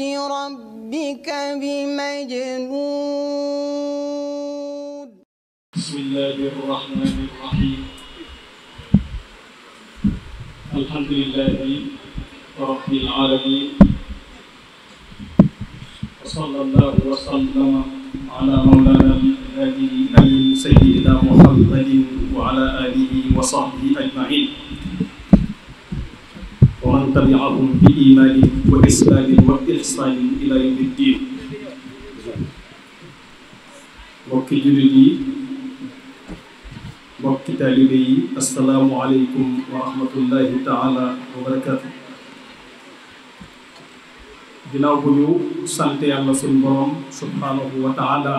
ربك بمجنون بسم الله الرحمن الرحيم الحمد لله رب العالمين وصلى الله وسلم على مولانا الهادي سيدنا محمد وعلى اله وصحبه اجمعين ومن تبعهم بإيمان وإسلام وإحسان إلى يوم الدين mbokki jullit yi mbokki taalibe yi asalaamualeykum wa rahmatullahi taala wa barakatu ginnaaw bu ñu sant yàlla suñ borom subhaanahu wa taala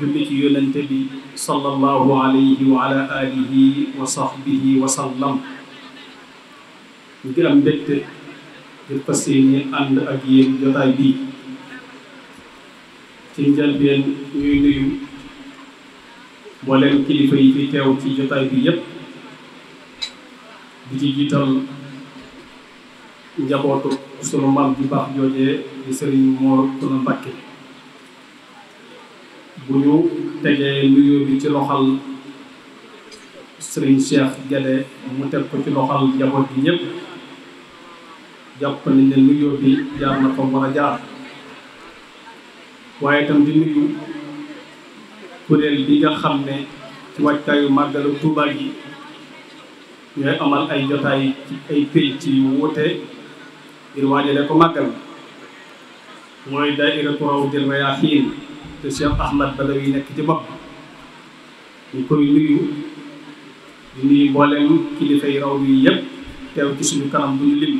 julli ci yonente bi sallallahu alayhi wa ala alihi wa sahbihi wa sallam ñu ngi am mbégte di ànd ak yéen jotaay bii ci njëlbeen ñuy nuyu mboolem kilifa yi fi teew ci jotaay bi yépp di ci jiital njabootu sunu maam ju baax joojee di sëriñ Mor Kuna Mbàkke bu ñu tegee nuyoo bi ci loxal sëriñ Cheikh Gede mu teg ko ci loxal njaboot bi ñépp jàpp nañ ne nuyoo bi jaar na fa war a jaar waaye itam di nuyu kuréel bi nga xam ne ci waajtaayu màggalu Tuubaa gi ñooy amal ay jotaay ci ay pénc yu wuute ngir waajale ko màggal mooy daayiratu Rawdul Rayaahiin te Cheikh Ahmad Badawi nekk ci bopp ñu koy nuyu di nuyu mboolem kilifa yi raw yi yëpp teew ci suñu kanam bu lim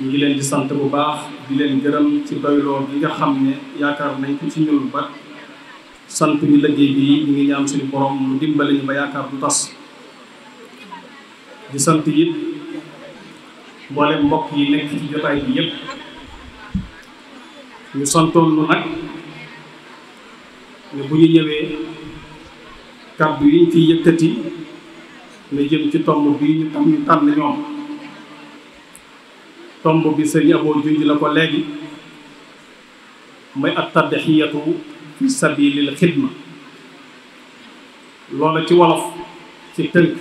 ñu ngi leen di sant bu baax di leen gërëm ci doyloo bi nga xam ne yaakaar nañ ko ci ñun ba sant la liggéey bi ñu ngi ñaan suñu borom mu dimbali ñu ba yaakaar du tas di sant it mboolem mbokk yi nekk ci jotaay bi yépp ñu santoon lu nag ne bu ñu ñëwee kàddu yi ñu ciy yëkkati na jëm ci tomb bii ñu tam ñu tànn ñoom tomb bi sëriñ aboo junj la ko léegi mooy at tadxiyatu fi sabilil xidma loola ci wolof ci tënk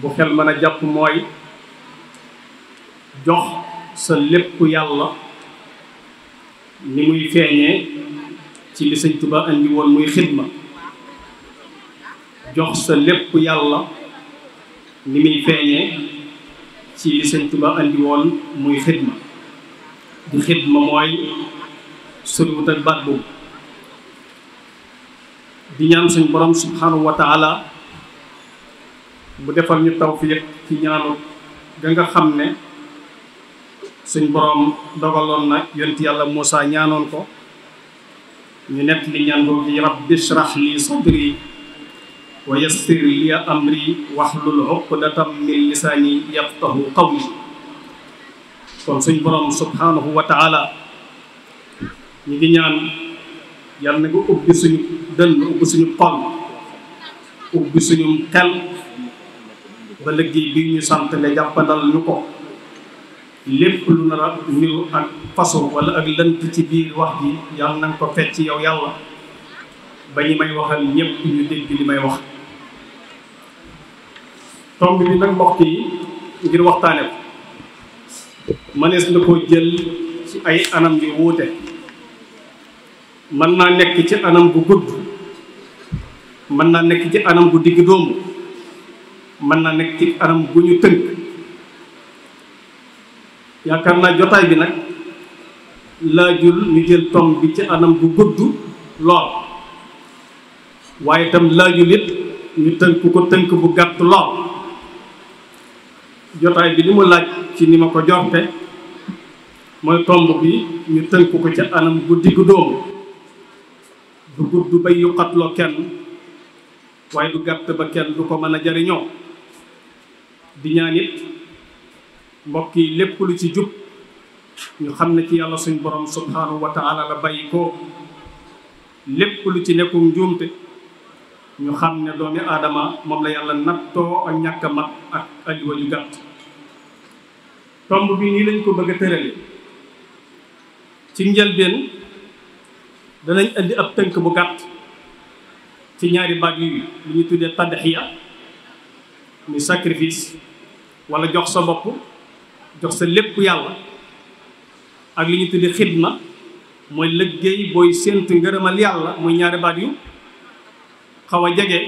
bu xel mën a jàpp mooy jox sa lépp yàlla ni muy feeñee ci li sëñ Tuubaa andi woon muy xidma jox sa lépp yàlla ni muy feeñee ci li sëñ Tuba woon muy xidma di xidma mooy soriwut ak baat boobu di ñaan suñ borom subhanahu wa taala mu defal ñu tawfiq ci ñaanu ga nga xam ne suñ borom dogaloon na yonent yàlla Moussa ñaanoon ko ñu nekk li ñaan boobu di rabbi shrah li wa yassir li amri wahlul uqdatam min lisaani yafqahu qawli kon suñ borom subhanahu wa taala ñu ngi ñaan yal na nga ubbi suñu dënn ubbi suñu xol ba liggéey bi ñu sant le jàppandal ñu ko lépp lu nar a niru ak façon wala ak lënt ci biir wax ji yal na nga ko fecc yow yàlla ba ñu may waxal ñépp ñu dégg li may wax tomb bi nag mbokk yi ngir waxtaane ko mënees na koo jël ci ay anam yu wuute mën naa nekk ci anam bu gudd mën naa nekk ci anam bu digg doomu mën naa nekk ci anam bu ñu tënk yaakaar naa jotaay bi nag laajul ñu jël tomb bi ci anam bu gudd lool waaye itam laajul it ñu tënk ko tënk bu gàtt lool jotaay bi li mu laaj ci ni ma ko jorte mooy tomb bi ñu tënk ko ca anam bu diggu dóomu du gudd ba yuqatloo kenn waaye du gàtt ba kenn du ko mën a jariñoo di ñaan it mbokk yi lépp lu ci jub ñu xam na ci yàlla suñ borom subhanahu wa taala la bàyyi ko lépp lu ci nekkum juumte ñu xam ne doomi aadama moom la yàlla nattoo ak ñàkk a mat ak ajuwa ju gàtt tomb bi nii lañ ko bëgg a tërale ci njëlbeen danañ indi ab tënk bu gàtt ci ñaari baat yi li ñu tuddee tadxiya muy sacrifice wala jox sa bopp jox sa lépp yàlla ak li ñu tuddee xidma mooy liggéey booy sént ngërëmal yàlla muy ñaari baat yu xaw a jege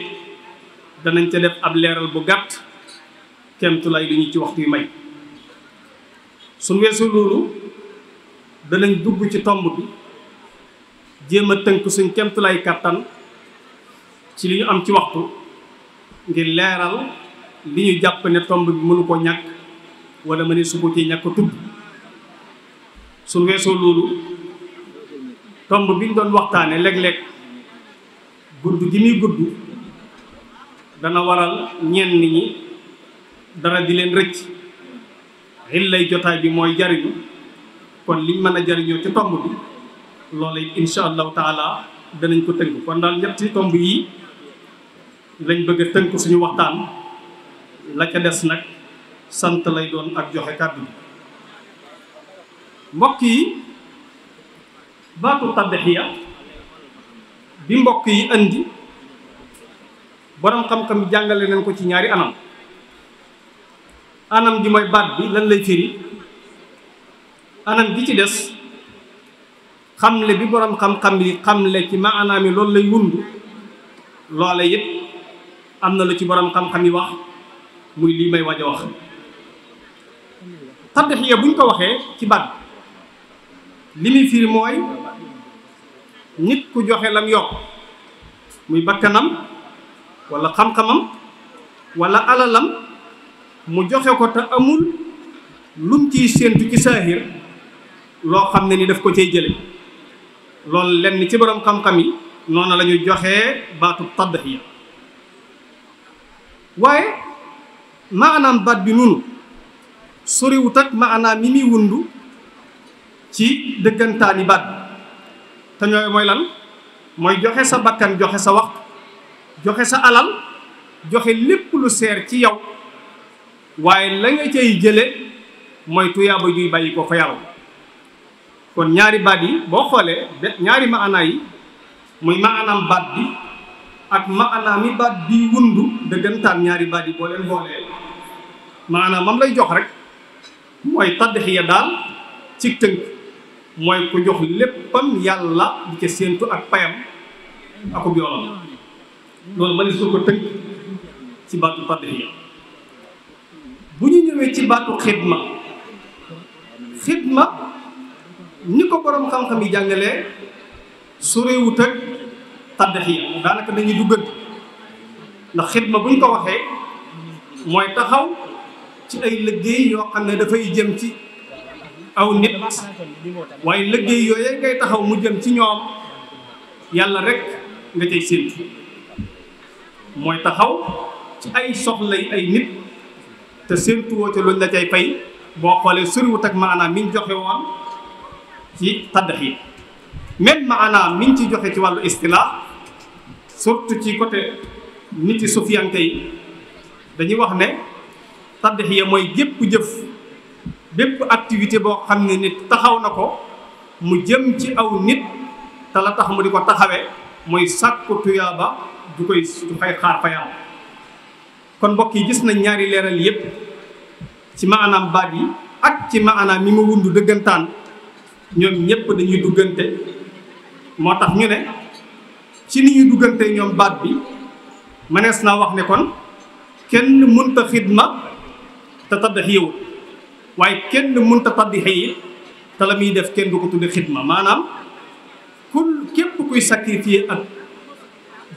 danañ ca def ab leeral bu gàtt kemtulay li ñu ci waxtu yu may su weesu loolu danañ dugg ci tomb bi jéem a tënk suñ kemtulay kàttan ci li ñu am ci waxtu ngir leeral li ñu jàpp ne tomb bi mënu ko ñàkk wala ma ne su ko ci ñàkk a tudd su weesoo loolu tomb bi ñu doon waxtaane léeg lekk gudd gi muy gudd dana waral ñenn ñi dara di leen rëcc lay jotaay bi mooy jariñu kon liñ mën a jariñoo ci tomb bi loola it insha allahu taala danañ ko tënk kon daal ñetti tomb yi lañ bëgg a tënk suñu waxtaan la ca des nag sant lay doon ak joxe kàddu bi mbokk yi baatu taddixiya bi mbokk yi andi boroom xam-xam jàngale nañ ko ci ñaari anam anam ji mooy baat bi lan lay firi anam gi ci des xamle bi boroom xam-xam yi xamle ci maanaam yi loolu lay wund loole it am na lu ci borom xam-xam yi wax muy lii may waaj a wax taddixiya bu ñu ko waxee ci baat li muy firi mooy nit ku joxe lam yor muy bakkanam walla xam-xamam wala alalam mu joxe ko te amul lum ciy séentu ci saahir loo xam ne ni daf ko cay jële lool lenn ci borom xam-xam yi noonu la ñu joxee baatu tadhiya waaye maanaam baat bi noonu soriwut ak maanaam yi muy wundu ci dëggantaani baat bi te ñooy mooy lan mooy joxe sa bakkan joxe sa waxtu joxe sa alal joxe lépp lu seer ci yow waaye la nga cay jële mooy tuyaaba juy bàyyi ko fa yàlla kon ñaari baat yi boo xoolee ñaari maanaa yi muy maanaam baat bi ak maanaam mi baat bi wundu dëggantaan ñaari baat yi boo leen boolee maanaam mam lay jox rek mooy taddixiya daal ci tënk mooy ku jox léppam yàlla di ca séentu ak payam akub yoonam loolu mënees su ko tënk ci baatu padriya bu ñu ñëwee ci baatu xidma xidma ñi ko borom xam-xam yi jàngale su réewut ak taddixiya daanaka dañuy duggal ndax xidma bu ñu ko waxee mooy taxaw ci ay liggéey yoo xam ne dafay jëm ci aw nit waaye liggéey yooyu ngay taxaw mu jëm ci ñoom yàlla rek nga cay séentu mooy taxaw ci ay soxlay ay nit te séentuwoo ca luñ la cay pay boo xoolee suriwut ak maanaam mi ñu joxe woon ci taddax yi même maanaam mi ñu ci joxe ci wàllu istilaa surtout ci côté nit yi sufiyanke yi dañuy wax ne taddax ya mooy jépp jëf bépp activité boo xam ne nit taxaw na ko mu jëm ci aw nit te la tax mu di ko taxawee mooy sàkku tuyaaba du koy du koy xaar kon mbokk yi gis nañ ñaari leeral yépp ci maanaam baat yi ak ci maanaam mi ma wundu dëggantaan ñoom ñépp dañuy duggante moo tax ñu ne ci ni ñuy duggante ñoom baat bi mënees naa wax ne kon kenn mënta xidma te taddax yëwut waaye kenn mënta taddi xëy te la muy def kenn du ko tudde xidma maanaam kul képp kuy sacrifier ak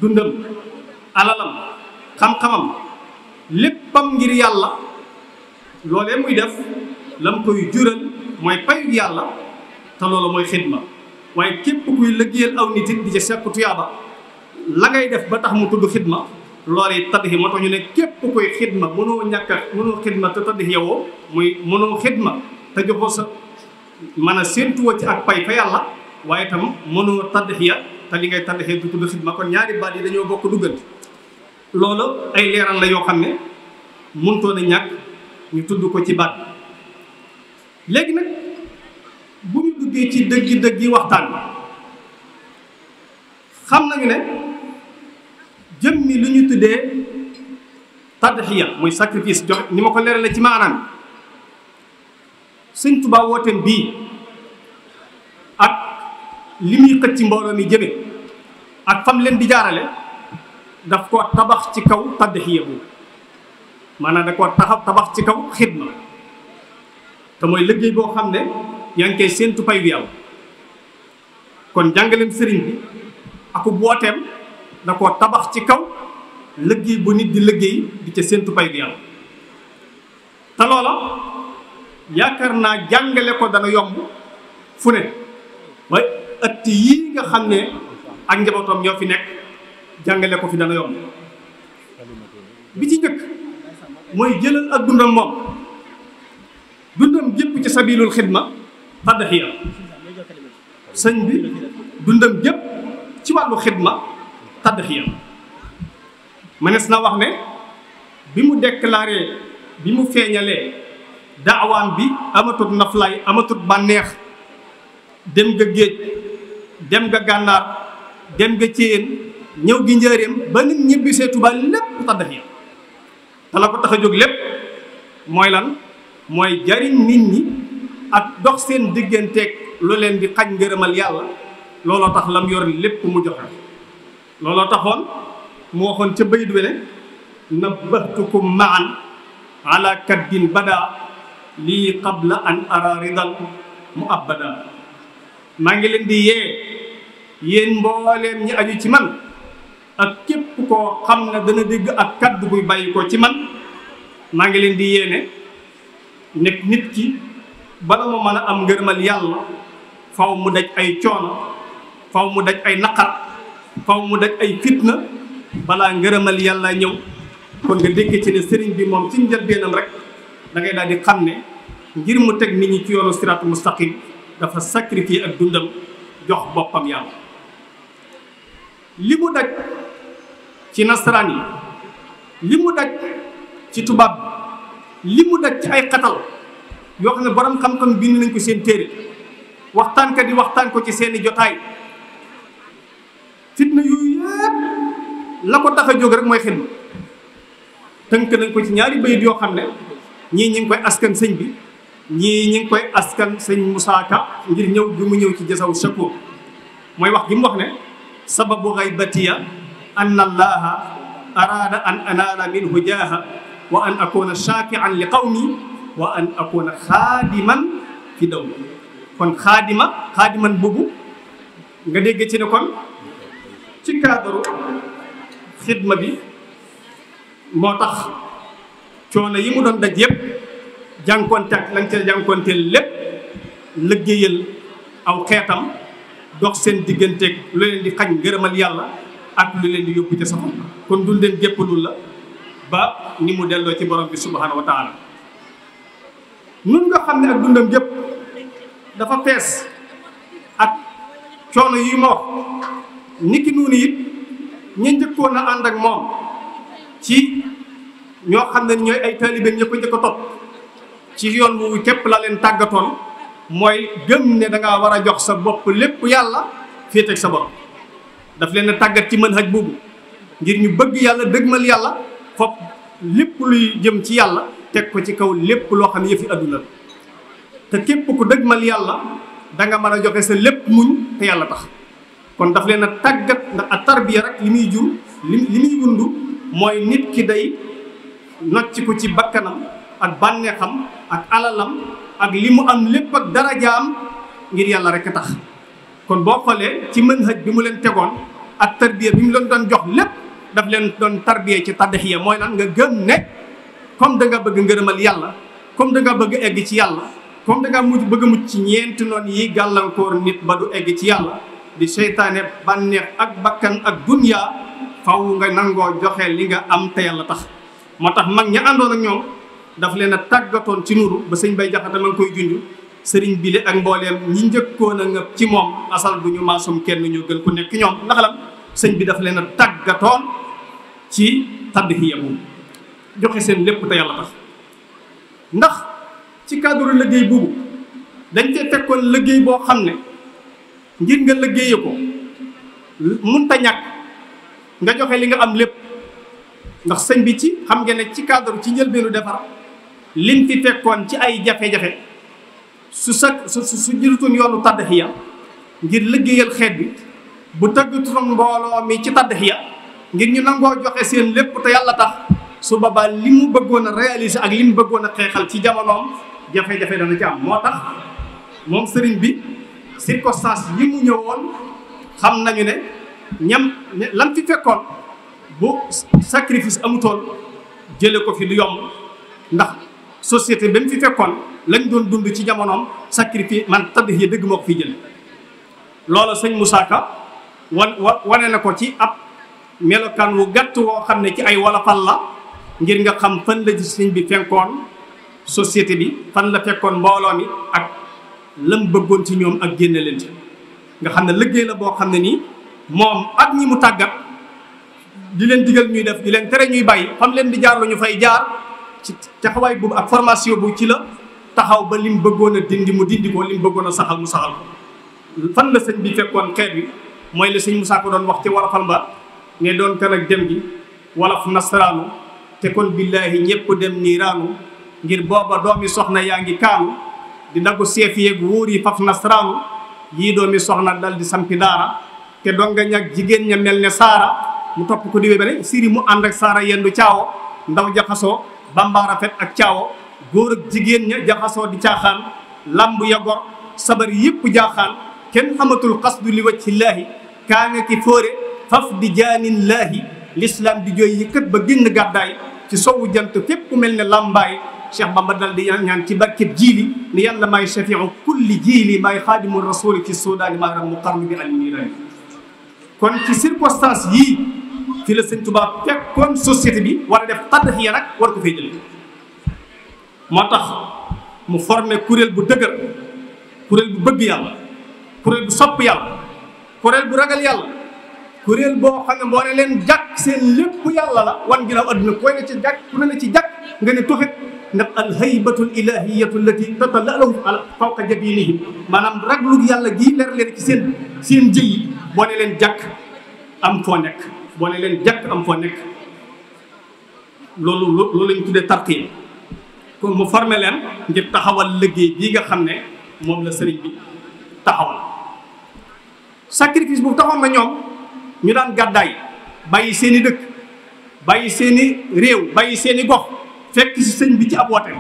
dundam alalam xam-xamam léppam ngir yàlla loolee muy def lam koy jural mooy payu yàlla te loolu mooy xidma waaye képp kuy lëggéeyal aw nit it di ca sekk la ngay def ba tax mu tudd xidma loolu taddi moo tax ñu ne képp koy xidma mënoo ñàkk a mënoo xidma te taddi yowoo muy mënoo xidma te joxoo sa mën a ci ak pay fa yàlla waaye itam mënoo taddi ya te li ngay taddi du tudd xidma kon ñaari baat yi dañoo bokk duggante loolu ay leeral la yoo xam ne mënutoon a ñàkk ñu tudd ko ci baat léegi nag bu ñu duggee ci dëggi dëggi waxtaan xam nañu ne jëmmi lu ñu tuddee tadxiya mooy sacrifice joxe ni ma ko leerale ci maanaam sëñ Tuubaa wooteem bii ak li muy xëcc ci mbooloo mi jëme ak fam leen di jaarale daf ko tabax ci kaw tadxiya bu maanaam da koo taxaw tabax ci kaw xidma te mooy liggéey boo xam ne yaa ngi koy séentu pay am kon jàngaleem sëriñ bi aku booteem da ko tabax ci kaw liggéey bu nit di liggéey bi ca séntu pay gu yàlla te loola yaakaar naa jàngale ko dana yomb fu ne waaye ëtt yii nga xam ne ak njabootam ñoo fi nekk jàngale ko fi dana yomb bi ci njëkk mooy jëlal ak dundam moom dundam jëpp ci sabilul xidma taddaxiya sëñ bi dundam jëpp ci wàllu xidma tadxiya mënees na wax ne bi mu déclaré bi mu feeñalee daawaan bi amatut naflaay amatut bànneex dem nga géej dem nga gànnaar dem nga céyeen ñëw gi njëreem ba nit ñibbisee Tuubaa lépp tadxiya te la ko tax a jóg lépp mooy lan mooy jariñ nit ñi ak dox seen digganteeg lu leen di xaj ngërëmal yàlla looloo tax lam yor lépp mu joxe looloo taxoon mu waxoon ca bayit wele nabbahtukum maan ala kaddin bada lii qabla an ara ridal mu abada maa ngi leen di yee yéen mbooleem ñi aju ci man ak képp koo xam ne dana dégg ak kadd buy bàyyi ko ci man maa ngi leen di yéene nekk nit ki bala mu mën a am ngërmal yàlla faw mu daj ay coono faw mu daj ay naqar faw mu daj ay fitna balaa ngërëmal yàlla ñëw kon nga dégg ci ne sëriñ bi moom ci njëlbeenam rek da ngay daal di xam ne ngir mu teg nit ñi ci yoonu siraatu mustaqim dafa sacrifier ak dundam jox boppam yàlla li mu daj ci nasaraan yi li mu daj ci tubaab li mu daj ci ay xatal yoo xam ne borom xam-xam bind nañ ko seen téere waxtaan kat yi waxtaan ko ci seeni jotaay fitna yooyu yëpp la ko tax a jóg rek mooy xidma tënk nañ ko ci ñaari bayit yoo xam ne ñii ñi ngi koy askan sëñ bi ñii ñi ngi koy askan sëñ Moussa ngir ñëw bi ñëw ci jasaw shakoor mooy wax gi wax ne sababu gaybatiya an allaha araada an anaala minhu jaaha wa an akuna shaakian li qawmi wa an akuna xaadiman fi dawli kon xaadiman boobu nga dégg ci kon ci cadre xidma bi moo tax coono yi mu doon daj yëpp jànkonte ak lañ ca jànkonteel lépp liggéeyal aw xeetam dox seen digganteeg lu leen di xañ ngërëmal yàlla ak lu leen di yóbbu ca safar kon dul leen jéppalul la ba ni mu delloo ci borom bi subhanahu wa nun nga xam ne ak dundam yëpp dafa fees ak coono yi moo niki noonu it ña njëkkoon a ànd ak moom ci ñoo xam ne ñooy ay taaliben ñëpp njëkk a topp ci yoon wu képp la leen tàggatoon mooy gëm ne da war a jox sa bopp lépp yàlla féete ak sa borom daf leen tàggat ci mën haj boobu ngir ñu bëgg yàlla dëgmal yàlla fopp lépp luy jëm ci yàlla teg ko ci kaw lépp loo xam ne yëfi àdduna la te képp ku dëgmal yàlla danga nga mën a joxe sa lépp muñ te yàlla tax kon daf leen a tàggat ndax ak tarbiya rek li muy jur li li muy wund mooy nit ki day nocc ko ci bakkanam ak bànneexam ak alalam ak li mu am lépp ak darajaam ngir yàlla rek a tax kon boo xoolee ci mën manhaj bi mu leen tegoon ak tarbiya bi mu leen doon jox lépp daf leen doon tarbiya ci taddixiya mooy lan nga gën ne comme da nga bëgg ngërëmal yàlla comme da nga bëgg egg ci yàlla comme da nga mujj bëgg a mucc ci ñeenti noon yi gàllankoor nit ba du egg ci yàlla di seytaane bànneex ak bakkan ak dunya faw nga nangoo joxe li nga am te yàlla tax moo tax mag ña àndoon ak ñoom daf leen a tàggatoon ci nuru ba sëñ bay jaxate ma ngi koy junj sëriñ bile ak mbooleem ñi njëkkoon a ngëb ci moom asal du ñu maasum kenn ñu gën ku nekk ñoom ndax lan sëñ bi daf leen a tàggatoon ci taddixiyamu joxe seen lépp te yàlla tax ndax ci cadre liggéey boobu dañ te tekkoon liggéey boo xam ne ngir nga liggéeye ko munta ñàkk nga joxe li nga am lépp ndax sëñ bi ci xam nga ne ci cadre ci njëlbeenu defar lim fi fekkoon ci ay jafe-jafe su sa su su jirutoon yoonu taddaxiya ngir liggéeyal xeet bi bu tëggutoon mbooloo mi ci taddaxiya ngir ñu nangoo joxe seen lépp te yàlla tax su boobaa li mu bëggoon a réaliser ak li mu bëggoon a xeexal ci jamonoom jafe-jafe dana ci am moo tax moom sëriñ bi circonstance yi mu ñëwoon xam nañu ne ñam lan fi fekkoon bu sacrifice amutoon jële ko fi du yomb ndax société ba mu fi fekkoon lañ doon dund ci jamonoom sacrifice man taddix yi dëgg moo ko fi jële loola sëñ Moussa Ka wan wane na ko ci ab melokaan wu gàtt woo xam ne ci ay wolofal la ngir nga xam fan la gis sëñ bi fekkoon société bi fan la fekkoon mbooloon mi ak lam bëggoon ci ñoom ak génne leen ci nga xam ne liggéey la boo xam ne nii moom at ñi mu tàggat di leen digal ñuy def di leen tere ñuy bàyyi xam leen di jaar lu ñu fay jaar ci taxawaay boobu ak formation bu ci la taxaw ba lim bëggoon a dindi mu dindi ko lim bëggoon a saxal mu saxal fan la sëñ bi fekkoon xeet bi mooy la sëñ Moussa ko doon wax ci warafal ba ne doon kan ak dem gi walaf nasaraanu te kon billaahi ñëpp dem niiraalu ngir booba doomi soxna yaa ngi kaanu di daggu seef yeeg wóor yi faf yi yii doomi soxna dal di sampi daara te donga ñag jigéen ña mel ne saara mu topp ko di wébale siri mu ànd ak saara yendu caawo ndaw jaxasoo bamba rafet ak caawo góor ak jigéen ña jaxasoo di caaxaan lamb ya gor sabar yëpp jaaxaan kenn xamatul xasdu li wajhillaahi kaa nga ki fóore faf di jaanillaahi l'islam di jooy yëkkat ba génn gàddaay ci sowu jant képp ku mel ne làmbaay Cheikh Bamba dal di ñaan ci barkeb jiili ni yàlla maay shafiu kulli jiili maay xaadimu rasuli fi suudaani maaram mu xarnu bi ali kon ci circonstance yii ci la sëñ Tuubaa fekkoon société bi war a def xaddaxiya nag war ko fay jël moo tax mu formé kuréel bu dëgër kuréel bu bëgg yàlla kuréel bu sopp yàlla kuréel bu ragal yàlla kuréel boo xam ne boo ne leen jàkk seen lépp yàlla la wan ginnaaw adduna koy ci jàkk ku ne ci jàkk nga ne ndax alhaybatul ilahiyatu allati tatallahu ala fawqa jabinihim maanaam raglu yàlla gii leer leen ci seen seen jëyi boo leen jàkk am foo nekk boo leen jàkk am foo nekk loolu loolu lañ tuddee tartiib kon mu formé leen ngir taxawal liggéey bii nga xam ne moom la sëriñ bi taxawal sacrifice bu taxoon na ñoom ñu daan gàddaay bàyyi seeni dëkk bàyyi seeni réew bàyyi seeni gox fekk si sëñ bi ci ab wooteem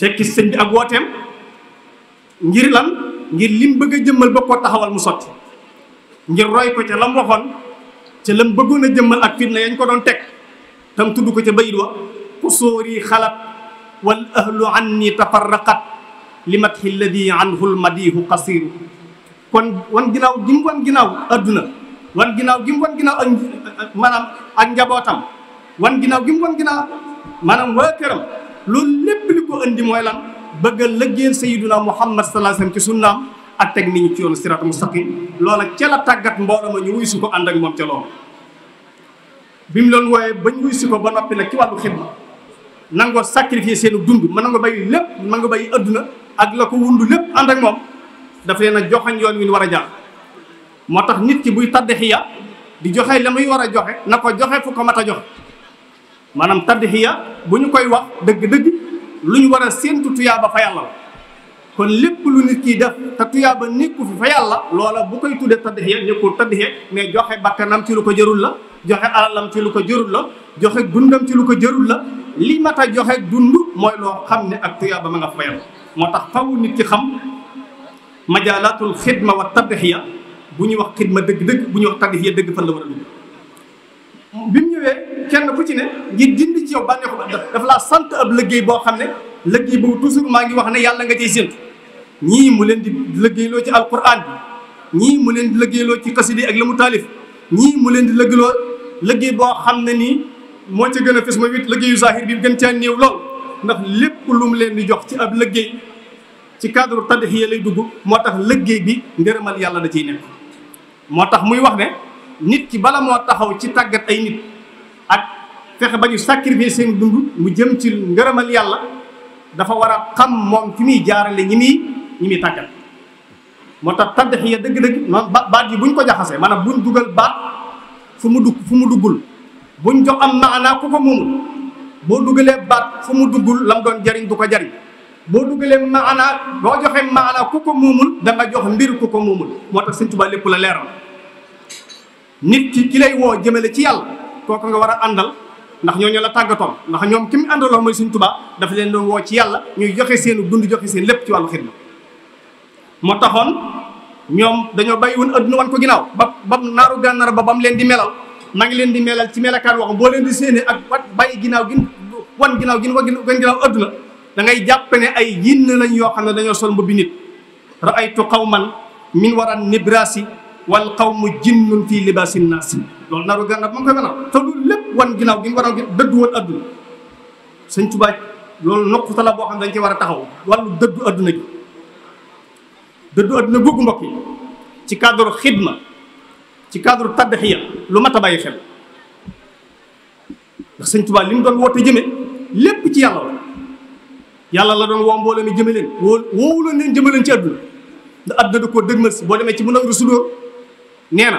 fekk si sëñ bi ak wooteem ngir lan ngir lim bëgg a jëmmal ba koo taxawal mu sotti ngir roy ko ca lam waxoon ca lam bëggoon a jëmmal ak fitna yañ ko doon teg tam tudd ko ca bayit wa ku sóori xalat wal ahlu anni tafarraqat li matxi lladi anhu lmadihu qasiru kon wan ginnaaw gi wan ginnaaw adduna wan ginnaaw gi mu wan ginnaaw ak ak njabootam wan ginnaaw gi wan ginnaaw maanaam waa këram loolu lépp li ko indi mooy lan bëgg a lëggéeyal sayyiduna Muhammad sallallahu alayhi wasallam ci sunnaam ak teg nit ñi ci yoonu siraat mustaqim loola ca la tàggat mbooloo a ñu wuy si ko ànd ak moom ca loolu bi mu leen wooyee bañ wuy si ko ba noppi nag ci wàllu xidma nangoo sacrifier seenu dund man nga bay lépp man nga bay adduna ak la ko wundu lépp ànd ak moom daf leen a joxañ yoon wi ñu war a jaar moo tax nit ki buy tàdde xiya di joxe la muy war a joxe na ko joxe fu ko mat a joxe maanaam taddixiya bu ñu koy wax dëgg-dëgg lu ñu war a séentu tuyaaba fa yàlla kon lépp lu nit kiy def te tuyaaba nekku fi fa yàlla loola bu koy tuddee taddixiya nekkul taddixiya mais joxe bakkanam ci lu ko jërul la joxe alalam ci lu ko jërul la joxe dundam ci lu ko jërul la lii mat a joxe dund mooy loo xam ne ak tuyaaba ma nga fa yàlla moo tax fawu nit ki xam majaalatul xidma wa taddixiya bu ñuy wax xidma dëgg-dëgg bu ñuy wax taddixiya dëgg fan la war a kenn ku ci ne ngir dindi ci yow bànneexu ba dafa laa sant ab liggéey boo xam ne liggéey boobu toujours maa ngi wax ne yàlla nga cay séntu ñii mu leen di liggéeyloo ci alquran bi ñii mu leen di liggéeyloo ci xasida ak la mu taalif ñii mu leen di liggéeyloo liggéey boo xam ne nii moo ca gën a fës mooy it liggéeyu zahir bi gën caa néew lool ndax lépp lu leen di jox ci ab liggéey ci cadre tadxiya lay dugg moo tax liggéey bi ngërëmal yàlla da ciy nekk moo tax muy wax ne nit ki bala moo taxaw ci tàggat ay nit fexe ba ñu sacrifier seen dund mu jëm ci ngërëmal yàlla dafa war a xam moom fi muy jaarale ñi muy ñi muy tàggat moo tax taddixiya dëgg-dëgg ba baat yi buñ ko jaxasee maanaam buñ dugal baat fu mu dugg fu mu duggul buñ jox am maanaa ku ko moomul boo dugalee baat fu mu duggul lam doon jariñ du ko jariñ boo dugalee maanaa boo joxee maanaa ku ko moomul da nga jox mbir ku ko moomul moo tax Sëñ Tuubaa lépp la leeral nit ki ki lay woo jëmale ci yàlla kooku nga war a àndal ndax ñooñu la tàggatoon ndax ñoom ki mu àndaloo mooy suñ tubaa dafa leen doon woo ci yàlla ñuy joxe seenu dund joxe seen lépp ci wàllu xidma moo taxoon ñoom dañoo bàyyi woon adduna wan ko ginnaaw ba ba naaru gànnaar bam leen di melal na ngi leen di melal ci melakaan waxam boo leen di séenee ak wat bàyyi ginnaaw gin wan ginnaaw gin wa wan ginnaaw adduna da ngay jàpp ne ay yinn lañ yoo xam ne dañoo sol mbubbi nit raaytu qawman min waran nibrasi wal qawmu jinnun fii libaasin naasi loolu naaru gànnaar ba mu koy melal te du wan ginaaw gi nga waroon dëddu woon adduna sëñ Tuubaa loolu nokkute la boo xam ne dañ ci war a taxaw wàllu dëddu adduna gi dëddu adduna googu mbokk yi ci cadre xidma ci cadre taddaxiya lu mat a bàyyi xel ndax sëñ li mu doon woote jëme lépp ci yàlla la yàlla la doon woo mbooloo mi jëme leen woo woowu la leen jëme leen ci adduna ndax adduna da koo dëgmal si boo demee ci mën a rusuloo nee na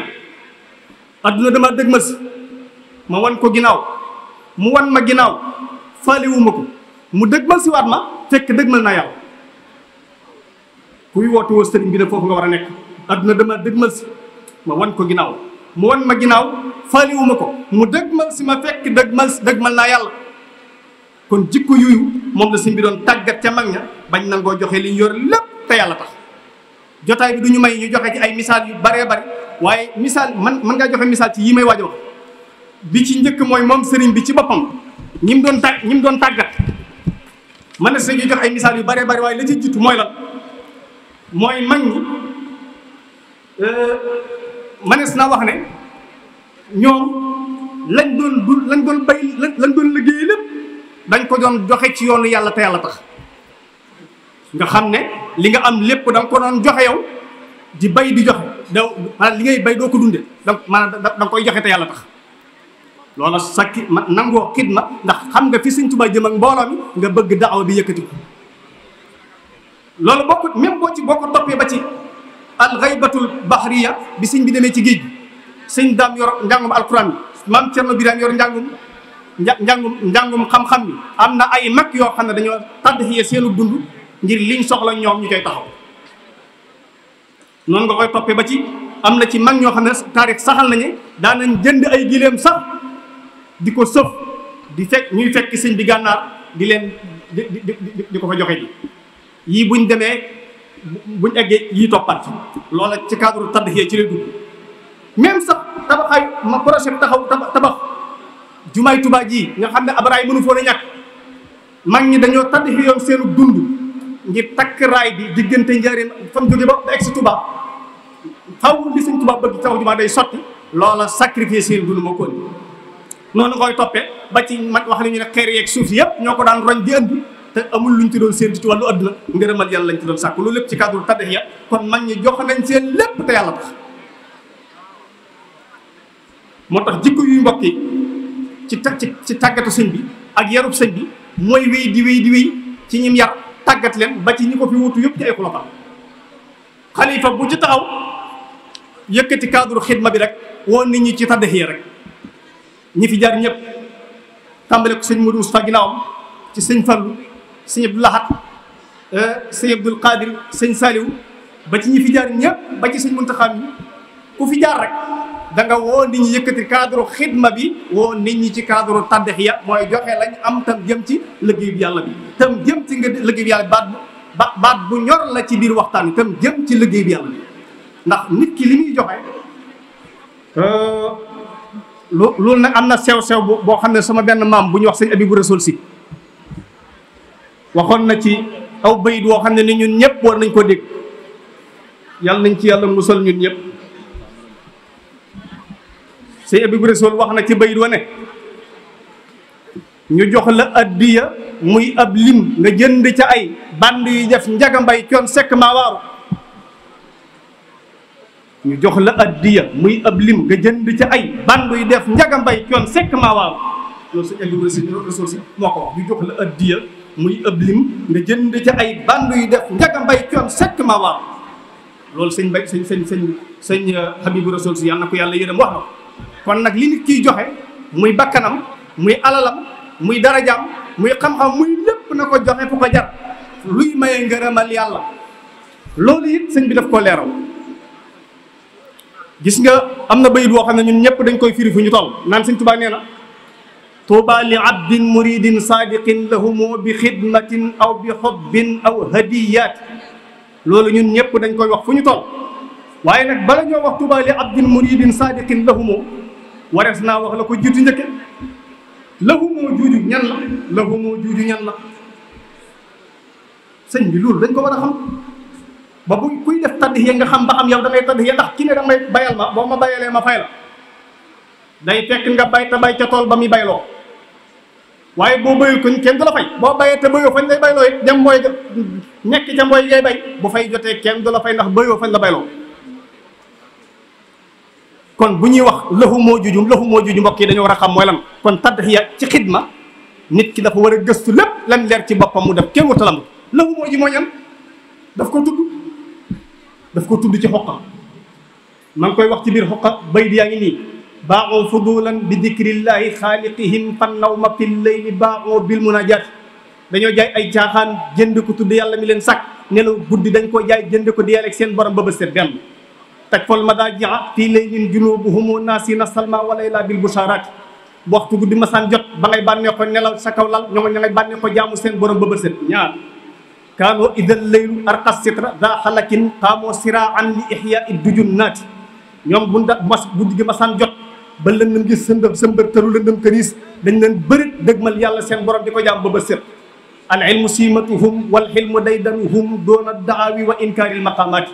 adduna dama dëgmal si ma wan ko ginnaaw mu wan ma ginnaaw faaliwuma ko mu dëgmal siwaat ma fekk mal naa yàlla kuy woote woo sëriñ bi ne foofu nga war a nekk adduna dama dëgmal si ma wan ko ginnaaw mu wan ma ginnaaw faaliwuma ko mu dëgmal si ma fekk dëgmal dëgmal naa yàlla kon jikko yooyu moom la sëñ bi doon tàggat ca mag ña bañ nangoo joxe lii ñu yor lépp te yàlla tax jotaay bi du ñu may ñu joxe ci ay misaal yu baree bari waaye misaal man man ngaa joxe misaal ci yi may waaj bi ci njëkk mooy moom sëriñ bi ci boppam ñi mu doon tàgg ñi mu doon tàggat man na sëriñ yi jox ay misaal yu bare bare waaye la ci jiitu mooy la mooy mag ñi euh, mënees na wax ne ñoom lañ doon du lañ doon bay lañ doon liggéeye lépp dañ ko doon joxe ci yoonu yàlla te yàlla tax nga xam ne li nga am lépp da nga ko doon joxe yow di bay di jox daw maanaam li ngay bay doo ko dunde da maanaam da nga koy joxe te yàlla tax loola sa ki nangoo xidma ndax xam nga fi Sëñ Tuubaa jëm ak mbooloo mi nga bëgg daaw bi yëkkati ko loolu boo ko boo ci boo ko toppee ba ci alxaybatul bahriya bi sëñ bi ci géej gi sëñ daam yor njàngum alquran bi maam Cerno Birahim yor njàngum njàngum njàngum xam-xam bi am na ay mag yoo xam ne dañoo tàddxiye seenu dund ngir liñ soxla ñoom ñu koy taxaw noonu nga koy toppee ba ci am na ci mag ñoo xam ne taarix saxal nañu daanañ jënd ay gileem di ko sëf di fekk ñuy fekk sëñ bi gànnaar di leen di di di ko ko joxe ji yii buñ demee buñ eggee yii toppat loola ci cadre taddaxee ci leen dugg même sax tabaxaay ma projet taxaw tabax jumaay Tuubaa jii nga xam ne abraay mënu foon a ñàkk mag ñi dañoo tadd taddaxee yoon seenu dund ngir takk raay bi diggante njariñ fam jóge ba ba egg si Tuubaa xaw li sëñ Tuubaa bëgg taxaw jumaa day sotti loola sacrifice seen dund moo ko noonu koy toppee ba ci mag wax nañu ne xeer yeeg suuf yëpp ñoo ko daan roñ di andi te amul ñu ci doon séentu ti wàllu adduna ngërëmal yàlla lañ ci doon sàkk loolu lépp ci cadre taddex ya kon mag ñi jox nañ seen lépp te yàlla tax moo tax jikko yuy mbokk yi ci ta ci tàggatu sëñ bi ak yarub sëñ bi mooy wéy di wéy di wéy ci ñim yar tàggat leen ba ci ñi ko fi wutu yëpp ci ay xulafa xalifa bu ci taxaw yëkkati cadre xidma bi rek woon nit ñi ci taddex ya rek ñi fi jaar ñëpp tàmbale ko sëñ Modou Moustapha ci sëñ Fallou sëñ Abdou Lahad eh, sëñ Abdoul Qadir sëñ ba ci ñi fi jar ñëpp ba ci sëñ Mountakha mi ku fi jaar rek da nga woo nit ñi yëkkati cadre xidma bi woo nit ñi ci cadre tàddex ya mooy joxe lañ am tam jëm ci liggéey bi yàlla bi tam jëm ci nga liggéey bi yàlla baat ba baat bu ñor la ci biir waxtaan wi tam jëm ci liggéey bi yàlla bi ndax nit ki li muy joxe eh, lu loolu nag am na sew-sew boo xam ne sama benn maam bu ñu wax sëñ Abibu Rasul si waxoon na ci aw bayit woo xam ne ni ñun ñëpp war nañ koo dégg yàlla nañ ci yàlla sol ñun ñëpp sëñ Abibu Rasul wax na ci bayit wa ne ñu jox la addiya muy ab lim nga jënd ca ay band yu def njaga mbay coon sekk maa ñu jox la addiya muy ab lim nga jënd ca ay banduy def njaga mbay coon sekk maa waaw loolu sëñ Aliou Ressourci moo ko wax ñu jox la addiya muy ab lim nga jënd ca ay banduy def njaga mbay coon sekk maa waaw loolu sëñ mbay sëñ sëñ sëñ sëñ euh, Habibou Ressourci yàlla na ko yàlla yërëm wax na kon nag li nit kiy joxe muy bakkanam muy alalam muy darajaam muy xam-xam muy lépp na ko joxe fu ko jar luy maye ngërëmal yàlla loolu it sëñ bi def koo leeraw gis nga am na bayit boo xam ne ñun ñëpp dañ koy firi fu ñu toll naan sëñ Tuubaa nee na tuuba li abdin muridin saadiqin lahumu bi xidmatin aw bi xobbin aw hadiyaat loolu ñun ñëpp dañ koy wax fu ñu toll waaye nag bala ñoo wax tuuba li abdin muridin saadiqin lahumu warees naa wax la ko jiitu njëkke lahumu juuju ñan la lahumu juuju ñan la sëñ bi loolu dañ ko war a xam ba bu kuy def taddiya nga xam ba xam yow damay taddiya ndax ki ne damay bayal ma boo ma bayalee ma fay la day fekk nga bay te bay ca tool ba muy bayloo waaye boo bayul kuñ kenn du la fay boo bayee te bayoo fañ lay bayloo it dem mooy nekk ca mooy ngay bay bu fay jotee kenn du fay ndax bayoo fañ la bayloo kon bu ñuy wax lëxu moo juju lëxu moo juju mbokk yi dañoo war a xam mooy lan kon taddiya ci xidma nit ki dafa war a gëstu lépp lan leer ci boppam mu def kenn wutalam lëxu moo ji mooy ñan daf ko tudd daf ko tudd ci xoqa ma ngi koy wax ci biir xoqa bay di yaa ngi nii baaxoo fudulan bi dicrillahi xaaliqihim fan nawma fi leyli baaxoo bil munajat dañoo jaay ay caaxaan jënd ko tudd yàlla mi leen sàkk nelaw guddi dañ koo jaay jënd ko di yàlla seen borom ba bës set gan taj fol madajia fii leylin junubuhum naasina salma wa layla bil busharat waxtu guddi masaan jot ba ngay bànnee ko nelaw sa kaw lal ñoo ña ngay bànnee ko jaamu seen borom ba bës set ñaar kaanoo idal laylu arqas sitra da xalakin xaamoo sira an li ixya i dujun naati ñoom bu nda mas guddi gi masaan jot ba lëndëm gi sëndëm sëmbër tëru lëndëm këriis dañ leen bërit dëgmal yàlla seen borom di ko jaam ba ba sët al ilmu siimatuhum wal xilmu daydanuhum doona daawi wa inkaaril maqaamaati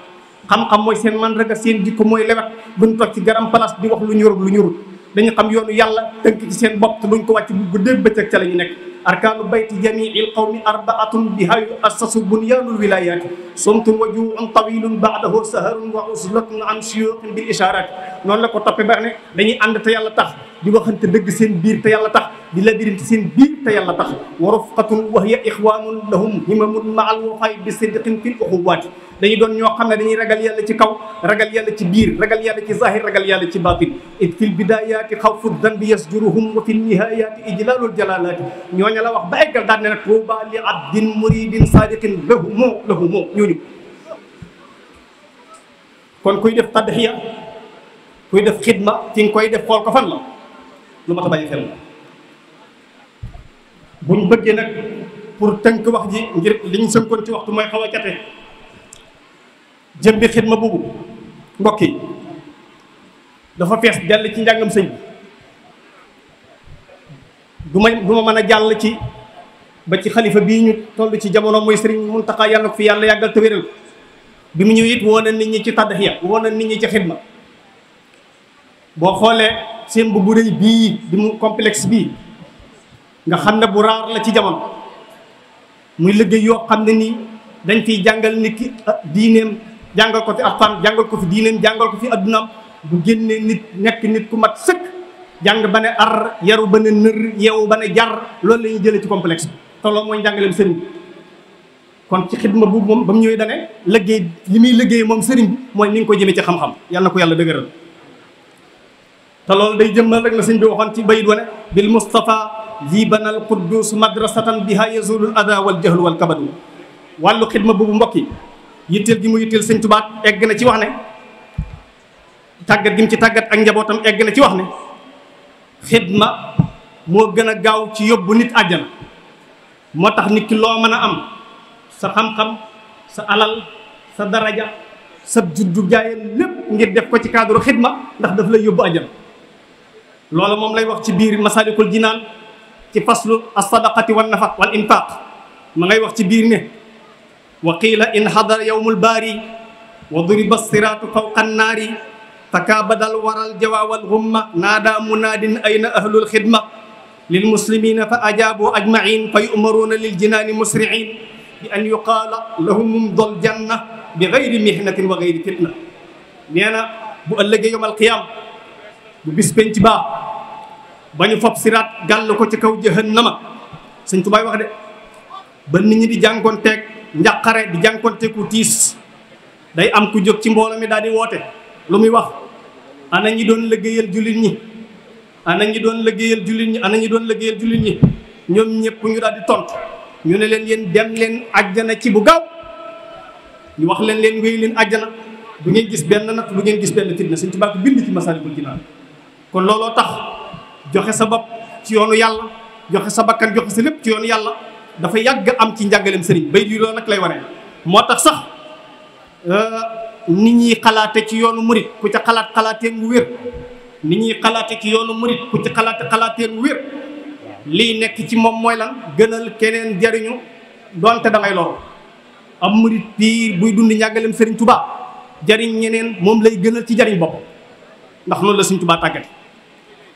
xam-xam mooy seen mandarga seen jikko mooy lewet bu ñu toog ci garam place di wax lu ñurut lu ñurut dañu xam yoonu yàlla tënk ci seen bopp te luñ ko wàcc bu guddee bëccëg la ñu nekk arkaanu bayti jamiil qawmi arbaatun biha yuassasu bunyaanul wilayaati sumtun wa juuun tawilun baadahu saharun wa uslatun an siyuqin bil ishaaraati noonu la ko toppee ba ne dañuy ànd te yàlla tax di waxante dëgg seen biir te yàlla tax di labirinte seen biir te yàlla tax wa rufqatun wa hiya ixwanun lahum himamun ma'al wafa'i bi sidqin fil uxuwaati dañu doon ñoo xam ne dañuy ragal yàlla ci kaw ragal yàlla ci biir ragal yàlla ci zahir ragal yàlla ci batin id fil bidayati xawfu dambi yasjuruhum wa fil nihayati ijlalul jalalaati ñooñu la wax ba eggal daan ne nag tuuba li abdin muridin sadiqin lahu moo lahu moo ñooñu kon kuy def tadxiya kuy def xidma ci nga koy def xool ko la lu ma ta bàyyi xel buñ bëggee nag pour tënk wax ji ngir liñ sënkoon ci waxtu mooy xaw a jate jëm bi xidma boobu mbokk yi dafa fees dell ci njàngam sëñ bi du ma du mën a jàll ci ba ci xalifa bii ñu toll ci jamono mooy sëriñ Muntaxa yàlla ko fi yàlla yàggal te wéral bi mu ñëw it woo nit ñi ci tàddaxiya woo na nit ñi ci xidma boo xoolee seen bu bu rëy bii di mu complexe bii nga xam ne bu raar la ci jamono muy liggéey yoo xam ne nii dañ fiy jàngal nit ki ah, diineem jàngal ko fi alxuraan jàngal ko fi diineem jàngal ko fi àdduna bu génnee nit nekk nit ku mat sëkk jàng ba ne ar yaru ba ne nër yeewu ba ne jar loolu la ñuy jëlee ci complexe bi te loolu mooy njàngaleem sëriñ bi kon ci xidma bu moom ba mu ñëwee dane liggéey li muy liggéey moom sëriñ bi mooy ni nga ko jëmee ci xam-xam yàlla ko yàlla dëgëral te loolu day jëmmal rek la sëñ bi waxoon ci bayit wane bil mustafa libanal quddus madrasatan biha yazulul ada wal jahlu wal kabadu wàllu xidma boobu mbokk yi yitteel gi mu yitteel sëñ tubaat egg na ci wax ne tàggat gi mu ci tàggat ak njabootam egg na ci wax ne xidma moo gën a gaaw ci yóbbu nit àjjana moo tax nit ki loo mën a am sa xam-xam sa alal sa daraja sa juddu jaayam lépp ngir def ko ci cadre xidma ndax daf lay yóbbu àjjana loolu moom lay wax ci biir masalikul jinaan ci faslu alsadaqati wan nafaq wal infaq ma ngay wax ci biir ne wa qiila in xadara yowmul baari wa duriba siraatu fawqa annaari takaabadal waral jawaawal humma naada munaadin ayna ahlul xidma lil muslimina fa ajaabu ajmain fa yumaruuna lil jinaani musriin bi an yuqaala lahum dol janna bi gayri mihnatin wa gayri fitna nee na bu ëllëgee yowmal qiyaama bu bis penc baa ba ñu fab siraat gàll ko ci kaw jahannama sëñ tubaay wax de ba nit ñi di jànkoonteek njàqare di jànkoonteeku tiis day am ku jóg ci mbooloo mi daal di woote lu muy wax ana ñi doon liggéeyal jullit ñi ana ñi doon liggéeyal jullit ñi ana ñi doon liggéeyal jullit ñi ñoom ñëpp ñu daal di tontu ñu ne leen yéen dem leen àjjana ci bu gaaw ñu wax leen leen wéy leen àjjana du ngeen gis benn natt du ngeen gis benn fitna sëñ Tuubaa bind ci Masaalikul Jinaan kon looloo tax joxe sa bopp ci yoonu yàlla joxe sa bakkan joxe sa lépp ci yoonu yàlla dafa yàgg am ci njàngaleem sëriñ bay di loolu nag lay waree moo tax sax euh, nit ñi xalaate ci yoonu murit ku ca xalaat xalaateen wu wér nit ñi xalaate yoonu murit ci xalaate xalaateen wu wér lii nekk ci moom mooy lan gënal keneen jariñu doonte dangay ngay am murit piir buy dund njàngaleem sëriñ tubaa jariñ ñeneen moom lay gënal ci jariñ bopp ndax loolu la suñ Tuubaa tàggat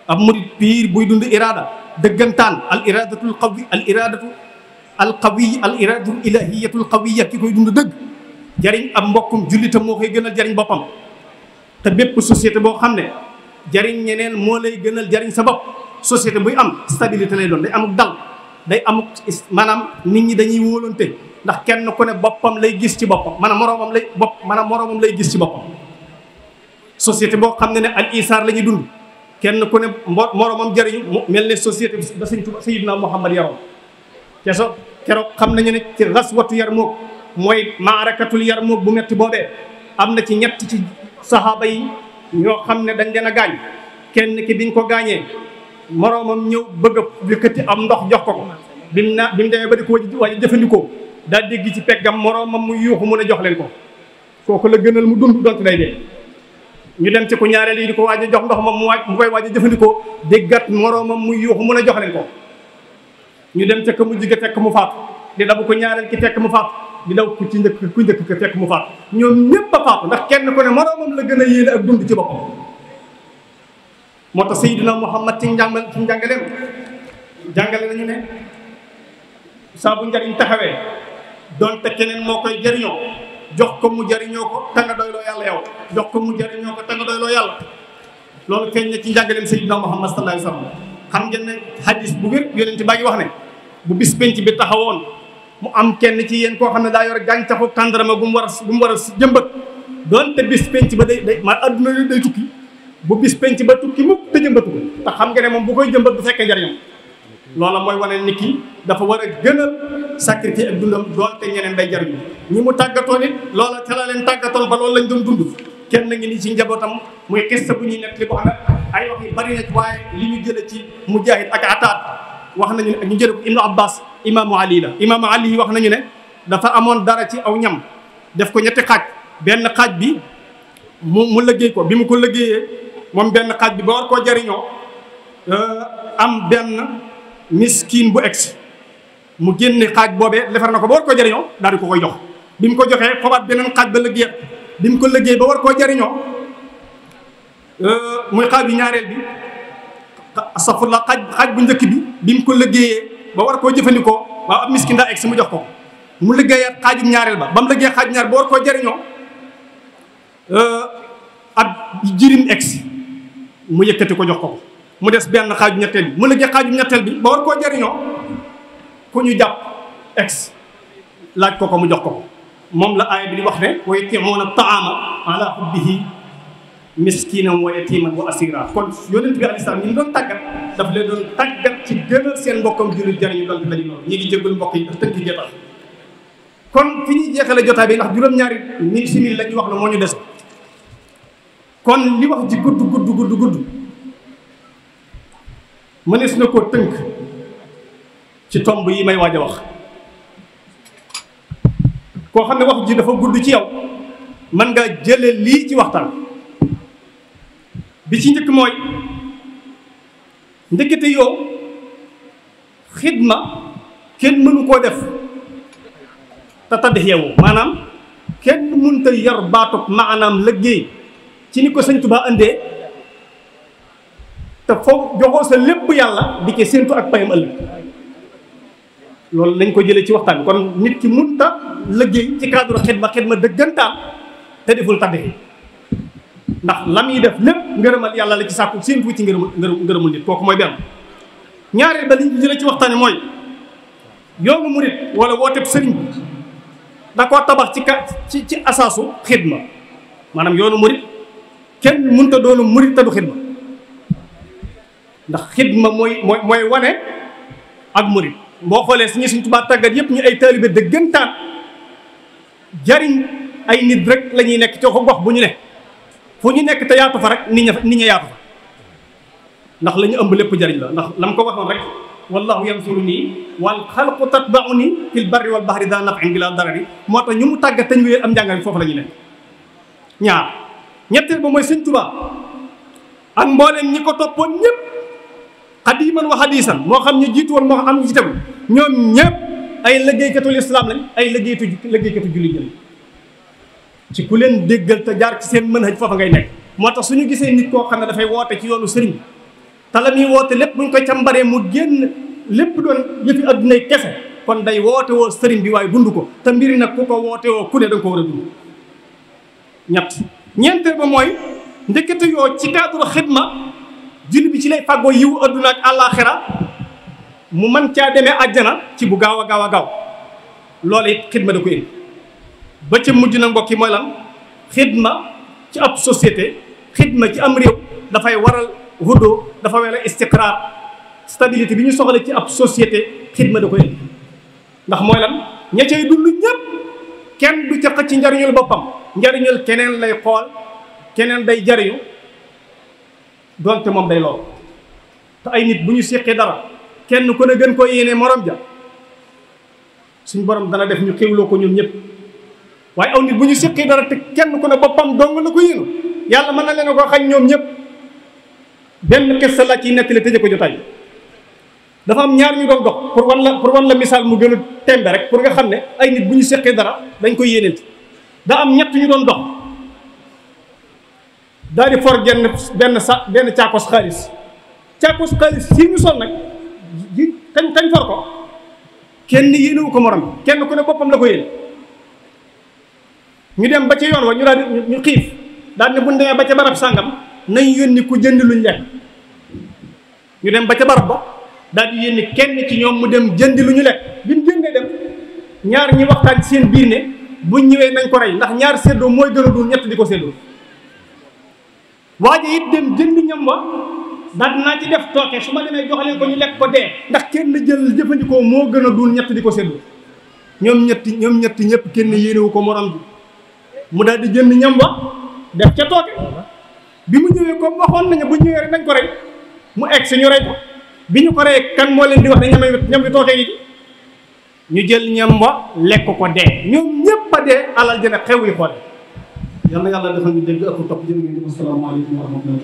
am murit piir buy dund iraada dëggantaan al iradatul qawi al iradatu al qawi al iradatul ilahiyatul qawiya ki koy dund dëgg jariñ ab mbokkum jullitam moo koy gënal jariñ boppam te bépp société boo xam ne jariñ ñeneen moo lay gënal jariñ sa bopp société buy am stabilité lay doon day amuk dal day amuk maanaam nit ñi dañuy wóolante ndax kenn ku ne boppam lay gis ci boppam maanaam moroomam lay bopp maanaam moroomam lay gis ci boppam société boo xam ne ne al isaar la ñuy dund kenn ku ne mbo moroomam jëriñu mu mel ne société bi ba sëñ Tuubaa Sayyidina Muhammad yaroon te so keroog xam nañu ne ci raswatu Yarmouk mooy maarakatul Yarmouk bu metti boobee am na ci ñett ci saxaaba yi ñoo xam ne dañ leen a gaañ kenn ki biñ ko gaañee moroomam ñëw bëgg a yëkkati am ndox jox ko ko bi bim bi mu demee ba di ko waaj a jëfandikoo daa dégg ci peggam moroomam mu yuuxu mun a jox leen ko kooku la gënal mu dund dont day dee. ñu dem ci ku ñaareel yi di ko waaj a jox ndox moom mu waaj mu koy waaj a jëfandikoo déggat moroomam muy yuuxu mun a jox leen ko ñu dem ca ka mu jigga fekk mu faatu di dabu ko ñaareel ki fekk mu faatu di daw ku ci njëkk ku njëkk ka fekk mu faatu ñoom ñépp a faatu ndax kenn ku ne moroomam la gën a yéene ak dund ci boppam moo tax Seydina Muhammad ci njàngal ci njàngaleem jàngale nañu ne saa bu njariñ taxawee doonte keneen moo koy jariñoo jox ko mu jariñoo ko te nga doyloo yàlla yow jox ko mu jariñoo ko te yàlla loolu feeñ ci njàngaleem Seydina Muhammad sallallahu alayhi wa sallam xam ngeen ne bu wér yonent baa ngi wax ne bu bis penc bi taxawoon mu am kenn ci yéen koo xam ne daa yor gàncaxu tàndarama gu mu war a gu mu war a jëmbat doonte bis penc ba day day ma adduna li day tukki bu bis penc ba tukki mukk te jëmbatu ko te xam nga ne moom bu koy jëmbat du fekkee njariñam loola mooy wane nit sacrifice ak dundam dool te ñeneen day jariñu ñi mu tàggatoon it loola ca la leen tàggatoon ba loolu lañ doon dund kenn ngi ni ci njabootam muy kesta bu ñuy nekk li bu xam ay wax bari na waaye li ñu jële ci mujaahid ak ataat wax nañu ne ñu jële ko ibnu abbas imaamu ali la imaamu ali wax nañu ne dafa amoon dara ci aw ñam def ko ñetti xaaj benn xaaj bi mu mu liggéey ko bi mu ko liggéeyee moom benn xaaj bi ba war koo jariñoo euh, am benn miskin bu egsi mu génne xaaj boobee defar na ko ba war koo jëriñoo daal di ko koy jox bi mu ko joxee xobaat beneen xaaj ba liggéey bi mu ko liggéey ba war koo jëriñoo euh, muy xaaj ñaareel bi astafurlah xaaj xaaj bu njëkk bi bi mu ko liggéeyee ba war koo jëfandikoo waaw ab miskin daa egg si mu jox ko mu liggéeyaat xaajub ñaareel ba ba mu liggéey xaaj ñaar ba war koo jëriñoo euh, ab mu yëkkati ko jox ko mu des benn xaaju ñetteel bi mu liggéey xaajub ñetteel bi ba war koo jëriñoo ku ñu jàpp ex laaj ko ko mu jox ko ko moom la aaya bi di wax ne wa yutimuuna taama ala hubbihi miskinan wa yatiman wa asira kon yonent bi alayhi salaam ñu doon tàggat daf leen doon tàggat ci gënal seen mbokkam jullit jariñu doon bi lañu noonu ñi ngi jéggul mbokk yi daf tënk jeexal kon fi ñuy jeexale jotaay bi ndax juróom-ñaari mi simil lañu wax na moo ñu des kon li wax ji gudd gudd gudd gudd mënees na koo tënk ci tomb yi may waaj wax koo xam ne wax ji dafa gudd ci yow man nga jële lii ci waxtaan bi ci njëkk mooy ndekete yow xidma kenn mënu koo def te taddex yow maanaam kenn mënta yar baatub maanaam liggéey ci ni ko sëñ Tuubaa indee te foofu joxoo sa lépp yàlla di ke séentu ak payam ëllëg loolu lañ ko jëlee ci waxtaan bi kon nit ki munta liggéey ci cadre xidma xidma dëggantaan te deful taddee ndax la muy def lépp ngërëmal yàlla la ci sàkku seen fu ci ngërëm ngërëmul nit kooku mooy benn ñaareel ba liñ jëlee ci waxtaan bi mooy yoonu murit wala wooteb sëriñ bi da koo tabax ci ka ci ci asaasu xidma maanaam yoonu murit kenn munta doonu murit te du xidma ndax xidma mooy mooy mooy wane ak murit boo xoolee suñu siñ Tuubaa tàggat yëpp ñu ay taalibe dëggantaan jariñ ay nit rek lañuy nekk ci ko gox bu ñu ne fu ñu nekk te yaatu fa rek nit ña nit ña yaatu fa ndax la ñu ëmb lépp jariñ la ndax lam ko waxoon rek wallahu yansuru nii wal xalqu tatbau nii fil barri wal bahri daa nafin bila darari moo tax ñu mu tàggat te ñu wéyal am njàngal foofu la ñu ne ñaar ñetteel ba mooy Sëriñ Tuubaa ak mbooleem ñi ko toppoon ñëpp xadiman wa xadisan moo xam ñu jiitu woon moo xam ñu ci tegu ñoom ñëpp ay liggéeykatul islam lañ ay liggéeytu liggéeykatu jullit lañ ci ku leen déggal te jaar ci seen mën foofa ngay nekk moo tax suñu gisee nit koo xam ne dafay woote ci yoonu sëriñ te la muy woote lépp buñ ko càmbaree mu génn lépp doon yëfi addunay kese kon day woote woo sëriñ bi waaye dund ko te mbiri nag ku ko woote woo ku ne da nga ko war a dund ñett ñeenteel ba mooy ndekete yoo ci cadre xidma julli bi ci lay fàggoo yiw adduna ak àllaaxira mu mën caa demee àjjana ci bu gaaw a gaaw a gaaw loolu it xidma da ko indi ba ca mujj na mbokk yi mooy lan xidma ci ab société xidma ci am réew dafay waral hudo dafa waral istiqraar stabilité bi ñu soxla ci ab société xidma da ko indi ndax mooy lan ña cay dund ñëpp kenn du ca ci njariñul boppam njariñul keneen lay xool keneen day jariñu donte moom day lool te ay nit bu ñu séqee dara kenn ku ne gën koo yéene morom ja suñ borom dana def ñu xéwloo ko ñoom ñëpp waaye aw nit bu ñu séqee dara te kenn ku ne boppam dong la ko yéenu yàlla mën na leen koo xañ ñoom ñëpp benn kese la ciy nettali tëje ko jotaay dafa am ñaar ñu doon dox pour wan la pour wan la misaal mu gën a tembe rek pour nga xam ne ay nit bu ñu séqee dara dañ koy yéeneenti daa am ñett ñu doon dox daal for genn benn sa benn caakos xaalis caakos xaalis si ñu sol nag ji kañ kañ for ko kenn yéenewu ko morom kenn ku ne boppam la ko yéen ñu dem ba ca yoon wa ñu daal ñu xiif daal ne bu ñu demee ba ca barab sàngam nañ yónni jënd luñ lekk ñu dem ba ca barab ba daal kenn ci ñoom mu dem jëndi lu ñu lekk bi mu jëndee dem ñaar ñi waxtaan ci seen biir ne bu ñëwee nañ ko rey ndax ñaar seddoo mooy gën a ñett di ko séddoo waa waaye it dem jënd ñam wa daal naa ci def tooke su ma demee jox leen ko ñu lekk ko dee ndax kenn jël jëfandikoo moo gën a dul ñett di ko seddu ñoom ñetti ñoom ñetti ñëpp kenn yéenewu ko morom bi mu daal di jënd ñam wa def ca tooke bi mu ñëwee comme waxoon nañu bu ñëwee rek dañ ko rey mu egg si ñu rey ko bi ñu ko rey kan moo leen di wax ne ñam ñam bi tooke yi ñu jël ñam wa lekk ko dee ñoom ñëpp a dee alal jëne xew yi yal na yàlla defal ñu dégg ak topp jërë ngeen jëf asalaamaaleykum wa rahmatulah